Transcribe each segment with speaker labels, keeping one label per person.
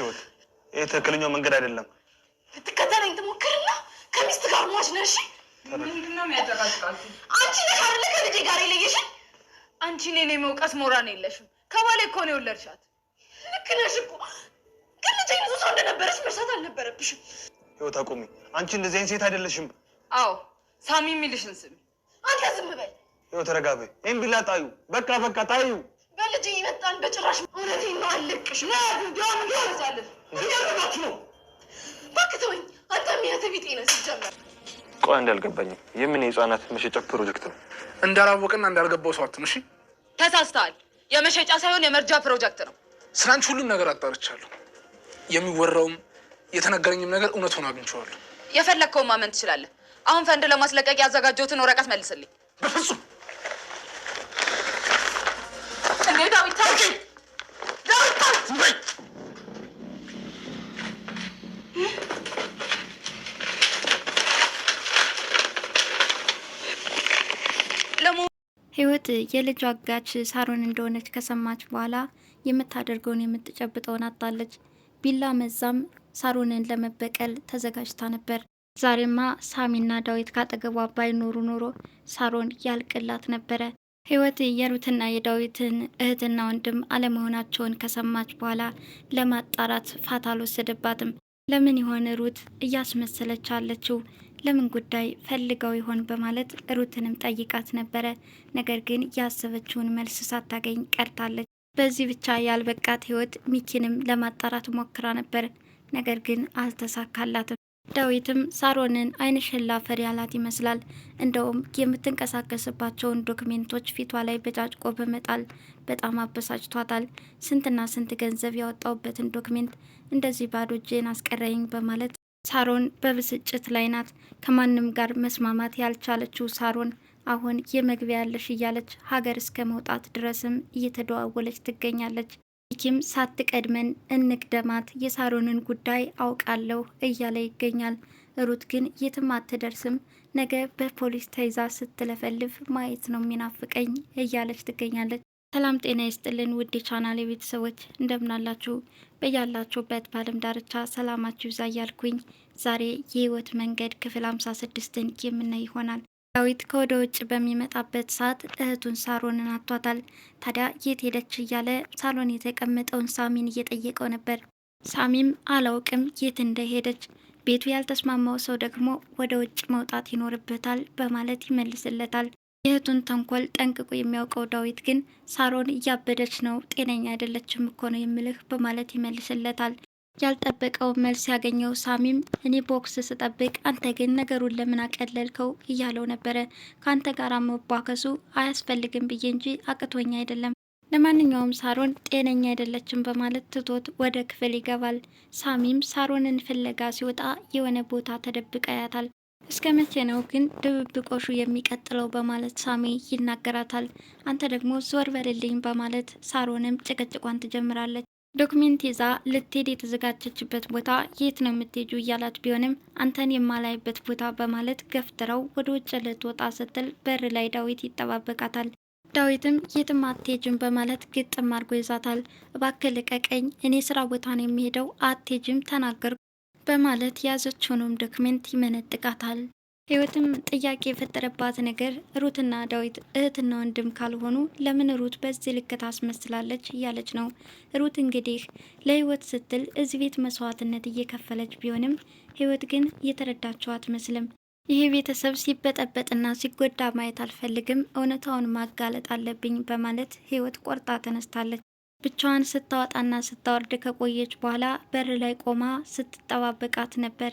Speaker 1: እባክሽወት ይህ ትክክለኛው መንገድ አይደለም።
Speaker 2: ልትከተለኝ ትሞክርና ከሚስት ጋር ሟች ነሽ።
Speaker 3: ምንድነው የሚያጠቃጥቃችሁ?
Speaker 2: አንቺ ነሽ አይደለ ከልጄ ጋር የለየሽን።
Speaker 4: አንቺ እኔን የመውቀስ ሞራን የለሽም። ከባሌ እኮ ነው የወለድሻት።
Speaker 2: ልክ ነሽ እኮ ግን ልጄ ብዙ ሰው እንደነበረች መርሳት አልነበረብሽም።
Speaker 1: ህይወት አቁሚ። አንቺ እንደዚህ አይነት ሴት አይደለሽም።
Speaker 4: አዎ ሳሚ የሚልሽን ስሚ።
Speaker 2: አንተ ዝም በል።
Speaker 1: ህይወት ተረጋቢ። ይህም ቢላ ጣዩ። በቃ በቃ ጣዩ።
Speaker 2: ልጅ ይመጣል። በጭራሽ እውነቴን ነው። አልለቅሽ ነው
Speaker 1: ቆይ እንዳልገባኝም የምን የህፃናት መሸጫ ፕሮጀክት ነው? እንዳላወቅና እንዳልገባው ሰው እሺ
Speaker 4: ተሳስተሃል። የመሸጫ ሳይሆን የመርጃ ፕሮጀክት ነው።
Speaker 1: ስላንቺ ሁሉም ነገር አጣርቻለሁ። የሚወራውም የተነገረኝም ነገር እውነት ሆኖ አግኝቼዋለሁ።
Speaker 4: የፈለግከውን ማመን ትችላለህ። አሁን ፈንድ ለማስለቀቅ ያዘጋጀሁትን ወረቀት መልስልኝ።
Speaker 1: በፍጹም
Speaker 5: ህይወት የልጇ አጋች ሳሮን እንደሆነች ከሰማች በኋላ የምታደርገውን የምትጨብጠውን አጣለች። ቢላ መዛም ሳሮንን ለመበቀል ተዘጋጅታ ነበር። ዛሬማ ሳሚና ዳዊት ካጠገቧ ባይኖሩ ኖሮ ሳሮን ያልቅላት ነበረ። ህይወት የሩትና የዳዊትን እህትና ወንድም አለመሆናቸውን ከሰማች በኋላ ለማጣራት ፋታ አልወሰደባትም። ለምን የሆነ ሩት እያስመሰለች አለችው ለምን ጉዳይ ፈልገው ይሆን በማለት ሩትንም ጠይቃት ነበረ። ነገር ግን ያሰበችውን መልስ ሳታገኝ ቀርታለች። በዚህ ብቻ ያልበቃት ህይወት ሚኪንም ለማጣራት ሞክራ ነበር። ነገር ግን አልተሳካላትም። ዳዊትም ሳሮንን አይንሽን ላፈር ያላት ይመስላል። እንደውም የምትንቀሳቀስባቸውን ዶክሜንቶች ፊቷ ላይ በጫጭቆ በመጣል በጣም አበሳጭቷታል። ስንትና ስንት ገንዘብ ያወጣውበትን ዶክሜንት እንደዚህ ባዶ እጄን አስቀረኝ በማለት ሳሮን በብስጭት ላይ ናት። ከማንም ጋር መስማማት ያልቻለችው ሳሮን አሁን የመግቢያ ያለሽ እያለች ሀገር እስከ መውጣት ድረስም እየተደዋወለች ትገኛለች። ኪም ሳትቀድመን እንቅደማት፣ የሳሮንን ጉዳይ አውቃለሁ እያለ ይገኛል። ሩት ግን የትም አትደርስም፣ ነገ በፖሊስ ተይዛ ስትለፈልፍ ማየት ነው የሚናፍቀኝ እያለች ትገኛለች። ሰላም ጤና ይስጥልን ውድ የቻናሌ ቤተሰቦች እንደምናላችሁ በያላችሁበት በዓለም ዳርቻ ሰላማችሁ ይብዛ እያልኩኝ ዛሬ የህይወት መንገድ ክፍል ሃምሳ ስድስትን የምናይ ይሆናል። ዳዊት ከወደ ውጭ በሚመጣበት ሰዓት እህቱን ሳሮንን አቷታል። ታዲያ የት ሄደች እያለ ሳሎን የተቀመጠውን ሳሚን እየጠየቀው ነበር። ሳሚም አላውቅም የት እንደሄደች፣ ቤቱ ያልተስማማው ሰው ደግሞ ወደ ውጭ መውጣት ይኖርበታል በማለት ይመልስለታል። የእህቱን ተንኮል ጠንቅቆ የሚያውቀው ዳዊት ግን ሳሮን እያበደች ነው፣ ጤነኛ አይደለችም እኮ ነው የምልህ በማለት ይመልስለታል። ያልጠበቀው መልስ ያገኘው ሳሚም እኔ ቦክስ ስጠብቅ አንተ ግን ነገሩን ለምን አቀለልከው እያለው ነበረ። ከአንተ ጋር መቧከሱ አያስፈልግም ብዬ እንጂ አቅቶኝ አይደለም። ለማንኛውም ሳሮን ጤነኛ አይደለችም በማለት ትቶት ወደ ክፍል ይገባል። ሳሚም ሳሮንን ፍለጋ ሲወጣ የሆነ ቦታ ተደብቃ ያታል። እስከ መቼ ነው ግን ድብብቆሹ የሚቀጥለው? በማለት ሳሜ ይናገራታል። አንተ ደግሞ ዞር በልልኝ በማለት ሳሮንም ጭቅጭቋን ትጀምራለች። ዶክሜንት ይዛ ልትሄድ የተዘጋጀችበት ቦታ የት ነው የምትሄጁ እያላት ቢሆንም አንተን የማላይበት ቦታ በማለት ገፍትረው ወደ ውጭ ልትወጣ ስትል በር ላይ ዳዊት ይጠባበቃታል። ዳዊትም የትም አትሄጅም በማለት ግጥም አድርጎ ይዛታል። እባክህ ልቀቀኝ፣ እኔ ስራ ቦታ ነው የሚሄደው፣ አትሄጅም ተናገርኩ በማለት የያዘችውንም ዶክሜንት ይመነጥቃታል። ህይወትም ጥያቄ የፈጠረባት ነገር ሩትና ዳዊት እህትና ወንድም ካልሆኑ ለምን ሩት በዚህ ልክ ታስመስላለች እያለች ነው። ሩት እንግዲህ ለህይወት ስትል እዚህ ቤት መስዋዕትነት እየከፈለች ቢሆንም ህይወት ግን የተረዳቸው አትመስልም። ይህ ቤተሰብ ሲበጠበጥና ሲጎዳ ማየት አልፈልግም፣ እውነታውን ማጋለጥ አለብኝ በማለት ህይወት ቆርጣ ተነስታለች። ብቻዋን ስታወጣና ስታወርድ ከቆየች በኋላ በር ላይ ቆማ ስትጠባበቃት ነበር።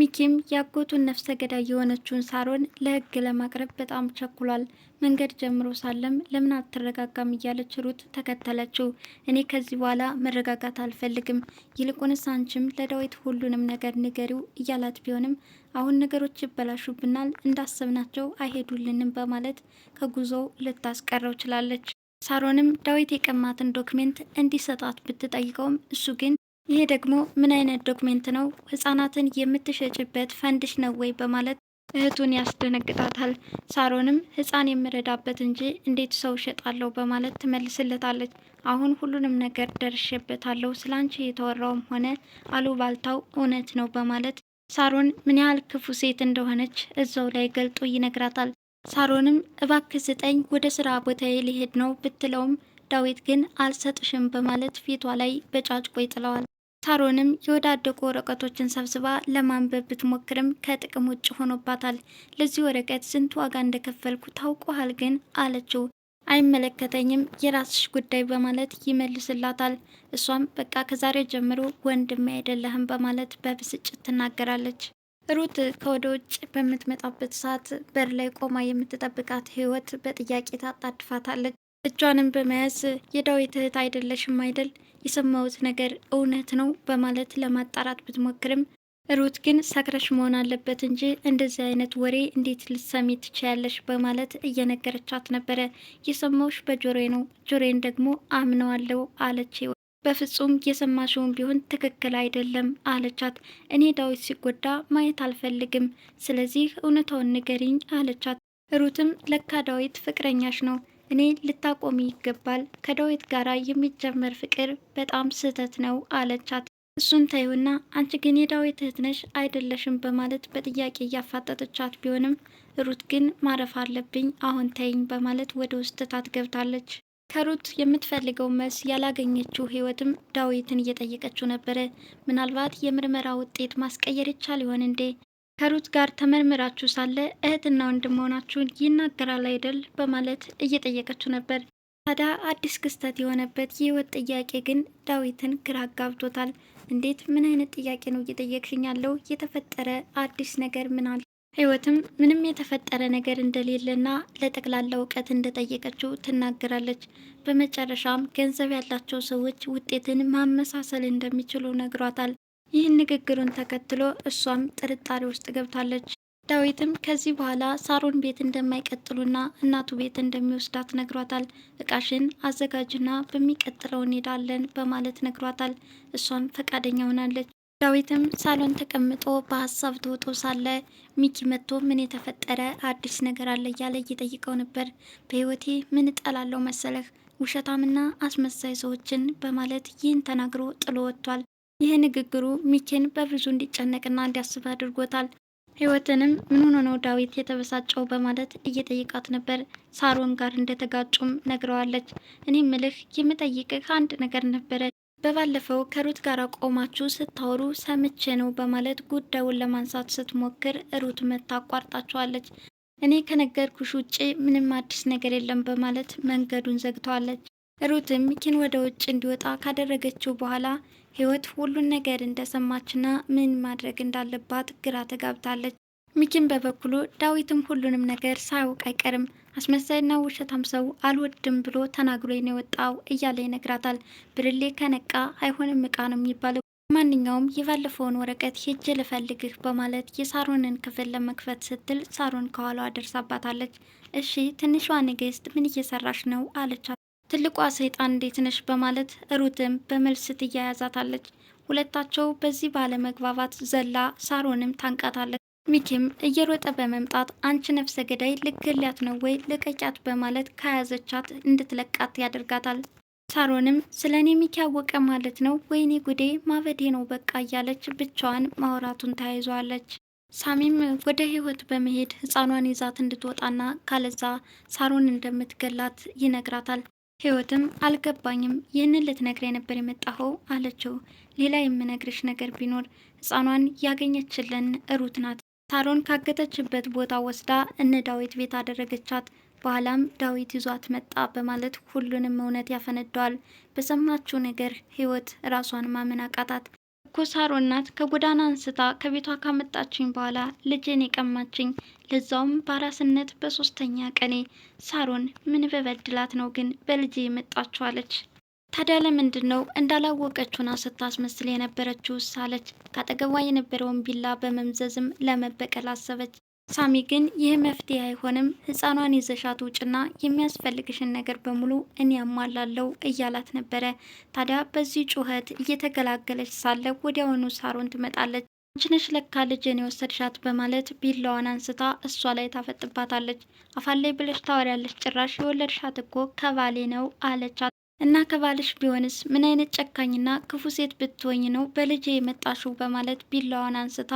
Speaker 5: ሚኪም ያጎቱን ነፍሰ ገዳይ የሆነችውን ሳሮን ለህግ ለማቅረብ በጣም ቸኩሏል። መንገድ ጀምሮ ሳለም ለምን አትረጋጋም እያለች ሩት ተከተለችው። እኔ ከዚህ በኋላ መረጋጋት አልፈልግም፣ ይልቁንስ አንቺም ለዳዊት ሁሉንም ነገር ንገሪው እያላት ቢሆንም አሁን ነገሮች ይበላሹብናል፣ እንዳሰብናቸው አይሄዱልንም በማለት ከጉዞው ልታስቀረው ችላለች። ሳሮንም ዳዊት የቀማትን ዶክሜንት እንዲሰጣት ብትጠይቀውም እሱ ግን ይሄ ደግሞ ምን አይነት ዶክሜንት ነው? ህጻናትን የምትሸጭበት ፈንድሽ ነው ወይ? በማለት እህቱን ያስደነግጣታል። ሳሮንም ህፃን የምረዳበት እንጂ እንዴት ሰው እሸጣለሁ? በማለት ትመልስለታለች። አሁን ሁሉንም ነገር ደርሼበታለሁ፣ ስላንቺ የተወራውም ሆነ አሉባልታው እውነት ነው በማለት ሳሮን ምን ያህል ክፉ ሴት እንደሆነች እዛው ላይ ገልጦ ይነግራታል። ሳሮንም እባክህ ስጠኝ ወደ ስራ ቦታዬ ሊሄድ ነው ብትለውም ዳዊት ግን አልሰጥሽም በማለት ፊቷ ላይ በጫጭቆ ይጥለዋል። ሳሮንም የወዳደቁ ወረቀቶችን ሰብስባ ለማንበብ ብትሞክርም ከጥቅም ውጭ ሆኖባታል። ለዚህ ወረቀት ስንት ዋጋ እንደከፈልኩ ታውቆሃል ግን አለችው። አይመለከተኝም፣ የራስሽ ጉዳይ በማለት ይመልስላታል። እሷም በቃ ከዛሬ ጀምሮ ወንድም አይደለህም በማለት በብስጭት ትናገራለች። ሩት ከወደ ውጭ በምትመጣበት ሰዓት በር ላይ ቆማ የምትጠብቃት ህይወት በጥያቄ ታጣድፋታለች። እጇንም በመያዝ የዳዊት እህት አይደለሽም አይደል? የሰማሁት ነገር እውነት ነው በማለት ለማጣራት ብትሞክርም ሩት ግን ሰክረሽ መሆን አለበት እንጂ እንደዚህ አይነት ወሬ እንዴት ልትሰሚ ትችያለሽ? በማለት እየነገረቻት ነበረ። የሰማሁሽ በጆሮዬ ነው፣ ጆሮዬን ደግሞ አምነዋለሁ አለች። በፍጹም የሰማሽውን ቢሆን ትክክል አይደለም አለቻት። እኔ ዳዊት ሲጎዳ ማየት አልፈልግም፣ ስለዚህ እውነታውን ንገሪኝ አለቻት። ሩትም ለካ ዳዊት ፍቅረኛሽ ነው እኔ ልታቆሚ ይገባል። ከዳዊት ጋር የሚጀመር ፍቅር በጣም ስህተት ነው አለቻት። እሱን ተይውና አንቺ ግን የዳዊት እህት ነሽ አይደለሽም በማለት በጥያቄ እያፋጠጠቻት ቢሆንም ሩት ግን ማረፍ አለብኝ አሁን ተይኝ በማለት ወደ ውስጥ ታት ገብታለች። ከሩት የምትፈልገው መስ ያላገኘችው ህይወትም ዳዊትን እየጠየቀችው ነበረ። ምናልባት የምርመራ ውጤት ማስቀየር ይቻል ይሆን እንዴ? ከሩት ጋር ተመርምራችሁ ሳለ እህትና ወንድም መሆናችሁን ይናገራል አይደል? በማለት እየጠየቀችው ነበር። ታዲያ አዲስ ክስተት የሆነበት የህይወት ጥያቄ ግን ዳዊትን ግራ አጋብቶታል። እንዴት ምን አይነት ጥያቄ ነው እየጠየቅሽኝ ያለው? የተፈጠረ አዲስ ነገር ምናል ህይወትም ምንም የተፈጠረ ነገር እንደሌለና ለጠቅላላ እውቀት እንደጠየቀችው ትናገራለች። በመጨረሻም ገንዘብ ያላቸው ሰዎች ውጤትን ማመሳሰል እንደሚችሉ ነግሯታል። ይህን ንግግሩን ተከትሎ እሷም ጥርጣሬ ውስጥ ገብታለች። ዳዊትም ከዚህ በኋላ ሳሮን ቤት እንደማይቀጥሉና እናቱ ቤት እንደሚወስዳት ነግሯታል። እቃሽን አዘጋጅና በሚቀጥለው እንሄዳለን በማለት ነግሯታል። እሷም ፈቃደኛ ሆናለች። ዳዊትም ሳሎን ተቀምጦ በሀሳብ ተውጦ ሳለ ሚኪ መጥቶ ምን የተፈጠረ አዲስ ነገር አለ እያለ እየጠይቀው ነበር። በህይወቴ ምን እጠላለሁ መሰለህ ውሸታምና አስመሳይ ሰዎችን በማለት ይህን ተናግሮ ጥሎ ወጥቷል። ይህ ንግግሩ ሚኪን በብዙ እንዲጨነቅና እንዲያስብ አድርጎታል። ህይወትንም ምን ሆኖ ነው ዳዊት የተበሳጨው በማለት እየጠየቃት ነበር። ሳሮን ጋር እንደተጋጩም ነግረዋለች። እኔ ምልህ የምጠይቅህ አንድ ነገር ነበረ በባለፈው ከሩት ጋር ቆማችሁ ስታወሩ ሰምቼ ነው በማለት ጉዳዩን ለማንሳት ስትሞክር ሩት መታ አቋርጣችኋለች። እኔ ከነገርኩሽ ውጭ ምንም አዲስ ነገር የለም በማለት መንገዱን ዘግተዋለች። ሩትም ኪን ወደ ውጭ እንዲወጣ ካደረገችው በኋላ ህይወት ሁሉን ነገር እንደሰማችና ምን ማድረግ እንዳለባት ግራ ተጋብታለች። ሚኪን በበኩሉ ዳዊትም ሁሉንም ነገር ሳያውቅ አይቀርም አስመሳይና ውሸታም ሰው አልወድም ብሎ ተናግሮ ነው የወጣው እያለ ይነግራታል። ብርሌ ከነቃ አይሆንም እቃ ነው የሚባለው። ማንኛውም የባለፈውን ወረቀት ሄጄ ልፈልግህ በማለት የሳሮንን ክፍል ለመክፈት ስትል ሳሮን ከኋላዋ ደርሳባታለች። እሺ ትንሿ ንግስት ምን እየሰራሽ ነው አለቻት። ትልቋ ሰይጣን እንዴት ነሽ በማለት ሩትም በመልስ ትያያዛታለች። ሁለታቸው በዚህ ባለመግባባት ዘላ ሳሮንም ታንቃታለች። ሚኪም እየሮጠ በመምጣት አንቺ ነፍሰ ገዳይ ልገላት ነው ወይ ልቀቂያት በማለት ከያዘቻት እንድትለቃት ያደርጋታል። ሳሮንም ስለ እኔ ሚኪ ያወቀ ማለት ነው ወይኔ ጉዴ ማበዴ ነው በቃ እያለች ብቻዋን ማውራቱን ተያይዘዋለች። ሳሚም ወደ ህይወት በመሄድ ህፃኗን ይዛት እንድትወጣና ካለዛ ሳሮን እንደምትገላት ይነግራታል። ህይወትም አልገባኝም፣ ይህንን ልትነግር ነበር የመጣኸው አለችው። ሌላ የምነግርሽ ነገር ቢኖር ህፃኗን ያገኘችልን ሩት ናት። ሳሮን ካገተችበት ቦታ ወስዳ እነ ዳዊት ቤት አደረገቻት። በኋላም ዳዊት ይዟት መጣ በማለት ሁሉንም እውነት ያፈነደዋል። በሰማችው ነገር ህይወት ራሷን ማመን አቃታት። እኮ ሳሮን ከጎዳና አንስታ ከቤቷ ካመጣችኝ በኋላ ልጄን የቀማችኝ፣ ለዛውም በአራስነት በሶስተኛ ቀኔ። ሳሮን ምን በበድላት ነው ግን በልጄ የመጣችኋለች? ታዲያ ለምንድን ነው እንዳላወቀችውና ስታስመስል የነበረችው? ሳለች ካጠገቧ የነበረውን ቢላ በመምዘዝም ለመበቀል አሰበች። ሳሚ ግን ይህ መፍትሄ አይሆንም፣ ህፃኗን ይዘሻት ውጭና የሚያስፈልግሽን ነገር በሙሉ እኔ ያሟላለው እያላት ነበረ። ታዲያ በዚህ ጩኸት እየተገላገለች ሳለ ወዲያውኑ ሳሮን ትመጣለች። አንችነሽ ለካ ልጄን የወሰድሻት በማለት ቢላዋን አንስታ እሷ ላይ ታፈጥባታለች። አፋላይ ብለሽ ታወሪያለች፣ ጭራሽ የወለድሻት እኮ ከባሌ ነው አለቻት። እና ከባልሽ ቢሆንስ ምን አይነት ጨካኝና ክፉ ሴት ብትወኝ ነው በልጄ የመጣሽው በማለት ቢላዋን አንስታ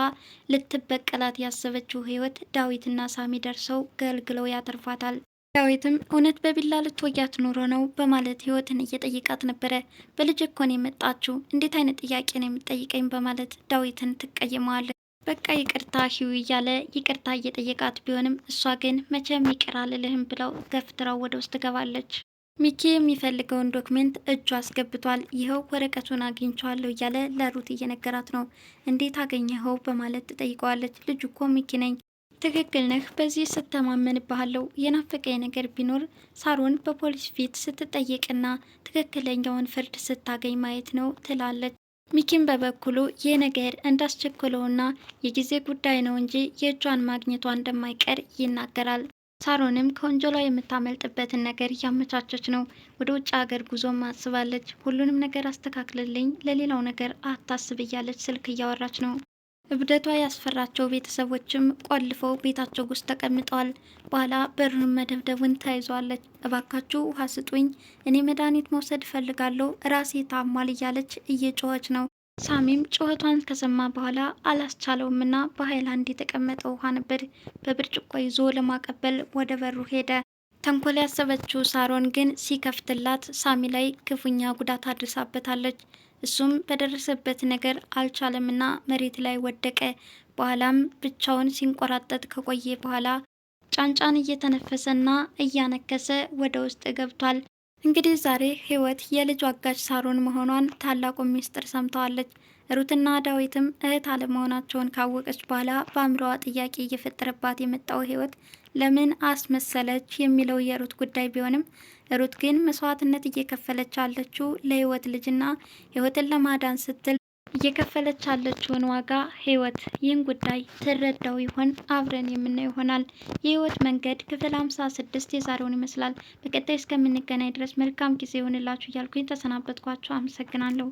Speaker 5: ልትበቀላት ያሰበችው ህይወት ዳዊትና ሳሚ ደርሰው ገልግለው ያተርፋታል። ዳዊትም እውነት በቢላ ልትወያት ኑሮ ነው በማለት ህይወትን እየጠየቃት ነበረ። በልጅ እኮን የመጣችው እንዴት አይነት ጥያቄ ነው የምጠይቀኝ በማለት ዳዊትን ትቀይመዋለች። በቃ ይቅርታ ሂው እያለ ይቅርታ እየጠየቃት ቢሆንም እሷ ግን መቼም ይቅር አልልህም ብለው ገፍትራው ወደ ውስጥ ትገባለች። ሚኪ የሚፈልገውን ዶክሜንት እጁ አስገብቷል። ይኸው ወረቀቱን አግኝቸዋለሁ እያለ ለሩት እየነገራት ነው። እንዴት አገኘኸው በማለት ትጠይቀዋለች። ልጁ እኮ ሚኪ ነኝ። ትክክል ነህ፣ በዚህ ስተማመንብሃለሁ። የናፈቀኝ ነገር ቢኖር ሳሮን በፖሊስ ፊት ስትጠየቅና ትክክለኛውን ፍርድ ስታገኝ ማየት ነው ትላለች። ሚኪም በበኩሉ ይህ ነገር እንዳስቸኮለውና የጊዜ ጉዳይ ነው እንጂ የእጇን ማግኘቷ እንደማይቀር ይናገራል። ሳሮንም ከወንጀሏ የምታመልጥበትን ነገር እያመቻቸች ነው። ወደ ውጭ ሀገር ጉዞም አስባለች። ሁሉንም ነገር አስተካክልልኝ፣ ለሌላው ነገር አታስብ እያለች ስልክ እያወራች ነው። እብደቷ ያስፈራቸው ቤተሰቦችም ቆልፈው ቤታቸው ውስጥ ተቀምጠዋል። በኋላ በሩን መደብደቡን ተያይዘዋለች። እባካችሁ ውሃ ስጡኝ፣ እኔ መድኃኒት መውሰድ እፈልጋለሁ፣ ራሴ ታሟል እያለች እየጮኸች ነው። ሳሚም ጩኸቷን ከሰማ በኋላ አላስቻለውምና በሀይላንድ የተቀመጠ ውሃ ነበር በብርጭቆ ይዞ ለማቀበል ወደ በሩ ሄደ። ተንኮል ያሰበችው ሳሮን ግን ሲከፍትላት ሳሚ ላይ ክፉኛ ጉዳት አድርሳበታለች። እሱም በደረሰበት ነገር አልቻለምና መሬት ላይ ወደቀ። በኋላም ብቻውን ሲንቆራጠጥ ከቆየ በኋላ ጫንጫን እየተነፈሰና እያነከሰ ወደ ውስጥ ገብቷል። እንግዲህ ዛሬ ህይወት የልጁ አጋጅ ሳሮን መሆኗን ታላቁ ሚስጥር ሰምተዋለች። ሩትና ዳዊትም እህት አለመሆናቸውን ካወቀች በኋላ በአእምሮዋ ጥያቄ እየፈጠረባት የመጣው ህይወት ለምን አስመሰለች የሚለው የሩት ጉዳይ ቢሆንም ሩት ግን መስዋዕትነት እየከፈለች ያለችው ለህይወት ልጅና ህይወትን ለማዳን ስትል እየከፈለች ያለችውን ዋጋ ህይወት ይህን ጉዳይ ትረዳው ይሆን? አብረን የምናየው ይሆናል። የህይወት መንገድ ክፍል ሀምሳ ስድስት የዛሬውን ይመስላል። በቀጣይ እስከምንገናኝ ድረስ መልካም ጊዜ ይሆንላችሁ እያልኩኝ ተሰናበትኳችሁ። አመሰግናለሁ።